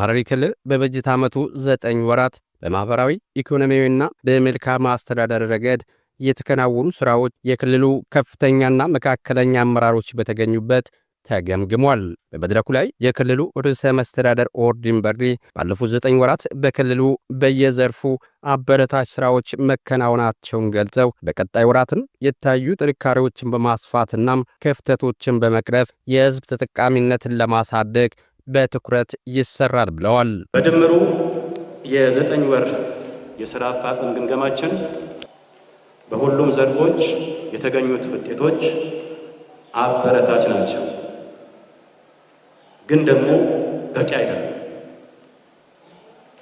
ሐረሪ ክልል በበጀት ዓመቱ ዘጠኝ ወራት በማኅበራዊ ኢኮኖሚያዊና በመልካም አስተዳደር ረገድ የተከናወኑ ሥራዎች የክልሉ ከፍተኛና መካከለኛ አመራሮች በተገኙበት ተገምግሟል። በመድረኩ ላይ የክልሉ ርዕሰ መስተዳደር ኦርዲን በሪ ባለፉት ዘጠኝ ወራት በክልሉ በየዘርፉ አበረታች ሥራዎች መከናወናቸውን ገልጸው በቀጣይ ወራትም የታዩ ጥንካሬዎችን በማስፋትናም ክፍተቶችን በመቅረፍ የሕዝብ ተጠቃሚነትን ለማሳደግ በትኩረት ይሰራል ብለዋል። በድምሩ የዘጠኝ ወር የስራ አፈጻጸም ግምገማችን በሁሉም ዘርፎች የተገኙት ውጤቶች አበረታች ናቸው፣ ግን ደግሞ በቂ አይደለም።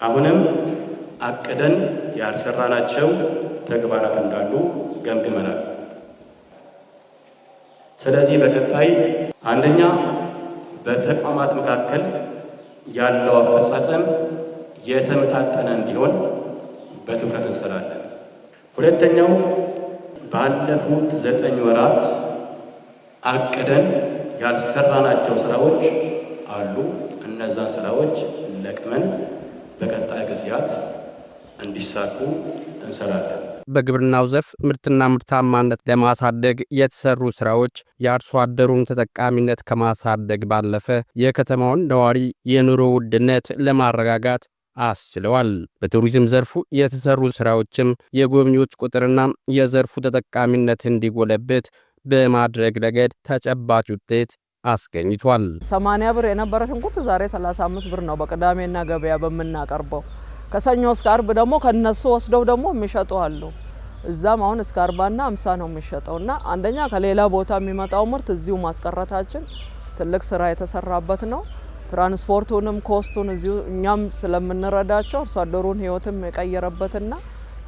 አሁንም አቅደን ያልሰራናቸው ተግባራት እንዳሉ ገምግመናል። ስለዚህ በቀጣይ አንደኛ በተቋማት መካከል ያለው አፈጻጸም የተመጣጠነ እንዲሆን በትኩረት እንሰራለን። ሁለተኛው ባለፉት ዘጠኝ ወራት አቅደን ያልሰራናቸው ስራዎች አሉ። እነዛን ስራዎች ለቅመን በቀጣይ ጊዜያት እንዲሳኩ እንሰራለን። በግብርናው ዘርፍ ምርትና ምርታማነት ለማሳደግ የተሰሩ ስራዎች የአርሶ አደሩን ተጠቃሚነት ከማሳደግ ባለፈ የከተማውን ነዋሪ የኑሮ ውድነት ለማረጋጋት አስችለዋል። በቱሪዝም ዘርፉ የተሰሩ ስራዎችም የጎብኚዎች ቁጥርና የዘርፉ ተጠቃሚነት እንዲጎለበት በማድረግ ረገድ ተጨባጭ ውጤት አስገኝቷል። 80 ብር የነበረ ሽንኩርት ዛሬ 35 ብር ነው በቅዳሜና ገበያ በምናቀርበው ከሰኞ እስከ አርብ ደግሞ ከነሱ ወስደው ደግሞ የሚሸጡ አሉ። እዛም አሁን እስከ አርባና አምሳ ነው የሚሸጠው እና አንደኛ ከሌላ ቦታ የሚመጣው ምርት እዚሁ ማስቀረታችን ትልቅ ስራ የተሰራበት ነው። ትራንስፖርቱንም ኮስቱን እዚሁ እኛም ስለምንረዳቸው አርሶ አደሩን ህይወትም የቀየረበትና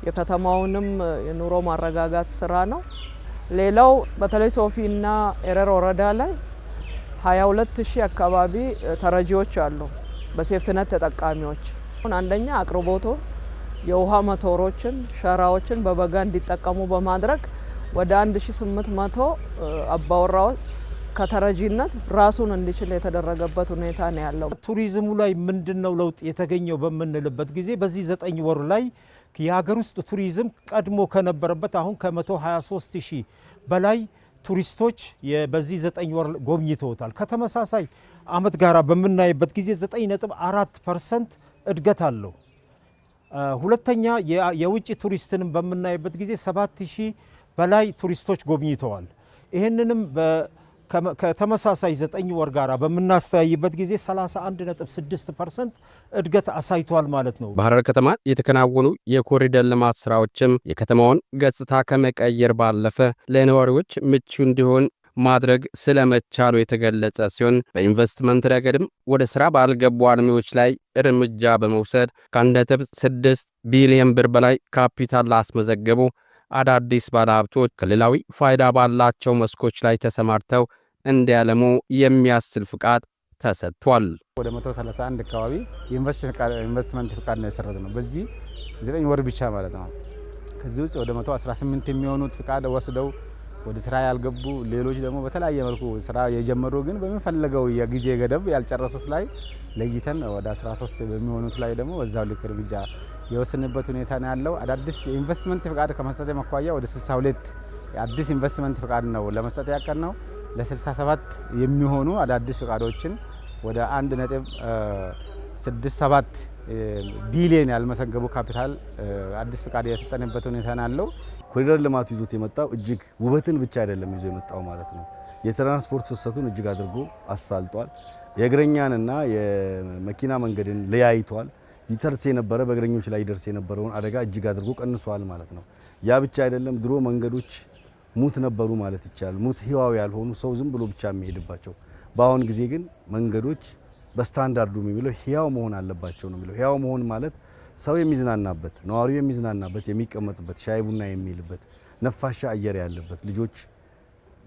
የከተማውንም የኑሮ ማረጋጋት ስራ ነው። ሌላው በተለይ ሶፊና ኤረር ወረዳ ላይ 22 ሺህ አካባቢ ተረጂዎች አሉ በሴፍትነት ተጠቃሚዎች አንደኛ አቅርቦቶ የውሃ መቶሮችን ሸራዎችን በበጋ እንዲጠቀሙ በማድረግ ወደ 1800 አባወራው ከተረጂነት ራሱን እንዲችል የተደረገበት ሁኔታ ነው ያለው። ቱሪዝሙ ላይ ምንድን ነው ለውጥ የተገኘው በምንልበት ጊዜ በዚህ ዘጠኝ ወር ላይ የሀገር ውስጥ ቱሪዝም ቀድሞ ከነበረበት አሁን ከ123 ሺህ በላይ ቱሪስቶች በዚህ ዘጠኝ ወር ጎብኝተውታል። ከተመሳሳይ አመት ጋራ በምናይበት ጊዜ 9.4 ፐርሰንት እድገት አለው። ሁለተኛ የውጭ ቱሪስትንም በምናይበት ጊዜ ሰባት ሺህ በላይ ቱሪስቶች ጎብኝተዋል። ይህንንም ከተመሳሳይ ዘጠኝ ወር ጋር በምናስተያይበት ጊዜ 31.6 ፐርሰንት እድገት አሳይቷል ማለት ነው። በሐረር ከተማ የተከናወኑ የኮሪደር ልማት ስራዎችም የከተማውን ገጽታ ከመቀየር ባለፈ ለነዋሪዎች ምቹ እንዲሆን ማድረግ ስለመቻሉ የተገለጸ ሲሆን በኢንቨስትመንት ረገድም ወደ ሥራ ባልገቡ አልሚዎች ላይ እርምጃ በመውሰድ ከ1.6 ቢሊዮን ብር በላይ ካፒታል ላስመዘገቡ አዳዲስ ባለሀብቶች ክልላዊ ፋይዳ ባላቸው መስኮች ላይ ተሰማርተው እንዲያለሙ የሚያስችል ፍቃድ ተሰጥቷል። ወደ 131 አካባቢ ኢንቨስትመንት ፍቃድ ነው የሰረዝ ነው በዚህ 9 ወር ብቻ ማለት ነው። ከዚህ ውጭ ወደ 118 የሚሆኑት ፍቃድ ወስደው ወደ ስራ ያልገቡ ሌሎች ደግሞ በተለያየ መልኩ ስራ የጀመሩ ግን በሚፈለገው የጊዜ ገደብ ያልጨረሱት ላይ ለይተን ወደ 13 በሚሆኑት ላይ ደግሞ በዛው ልክ እርምጃ የወሰንበት ሁኔታ ነው ያለው። አዳዲስ የኢንቨስትመንት ፍቃድ ከመስጠት የመኳያ ወደ 62 አዲስ ኢንቨስትመንት ፍቃድ ነው ለመስጠት ያቀድ ነው። ለ67 የሚሆኑ አዳዲስ ፍቃዶችን ወደ 1 ነጥብ 67 ቢሊየን ያልመሰገቡ ካፒታል አዲስ ፍቃድ የሰጠንበት ሁኔታ ያለው ኮሪደር ልማቱ ይዞት የመጣው እጅግ ውበትን ብቻ አይደለም ይዞ የመጣው ማለት ነው። የትራንስፖርት ፍሰቱን እጅግ አድርጎ አሳልጧል። የእግረኛንና የመኪና መንገድን ለያይቷል። ይተርስ የነበረ በእግረኞች ላይ ይደርስ የነበረውን አደጋ እጅግ አድርጎ ቀንሷል ማለት ነው። ያ ብቻ አይደለም። ድሮ መንገዶች ሙት ነበሩ ማለት ይቻላል። ሙት ህዋው ያልሆኑ ሰው ዝም ብሎ ብቻ የሚሄድባቸው፣ በአሁን ጊዜ ግን መንገዶች በስታንዳርዱ የሚለው ህያው መሆን አለባቸው ነው የሚለው። ህያው መሆን ማለት ሰው የሚዝናናበት፣ ነዋሪው የሚዝናናበት፣ የሚቀመጥበት፣ ሻይ ቡና የሚልበት፣ ነፋሻ አየር ያለበት፣ ልጆች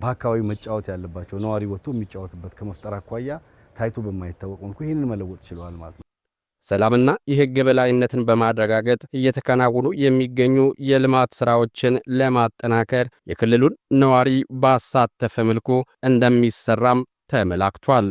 በአካባቢ መጫወት ያለባቸው፣ ነዋሪ ወጥቶ የሚጫወትበት ከመፍጠር አኳያ ታይቶ በማይታወቅ መልኩ ይህንን መለወጥ ችለዋል ማለት ነው። ሰላምና የህግ በላይነትን በማረጋገጥ እየተከናወኑ የሚገኙ የልማት ስራዎችን ለማጠናከር የክልሉን ነዋሪ ባሳተፈ መልኩ እንደሚሰራም ተመላክቷል።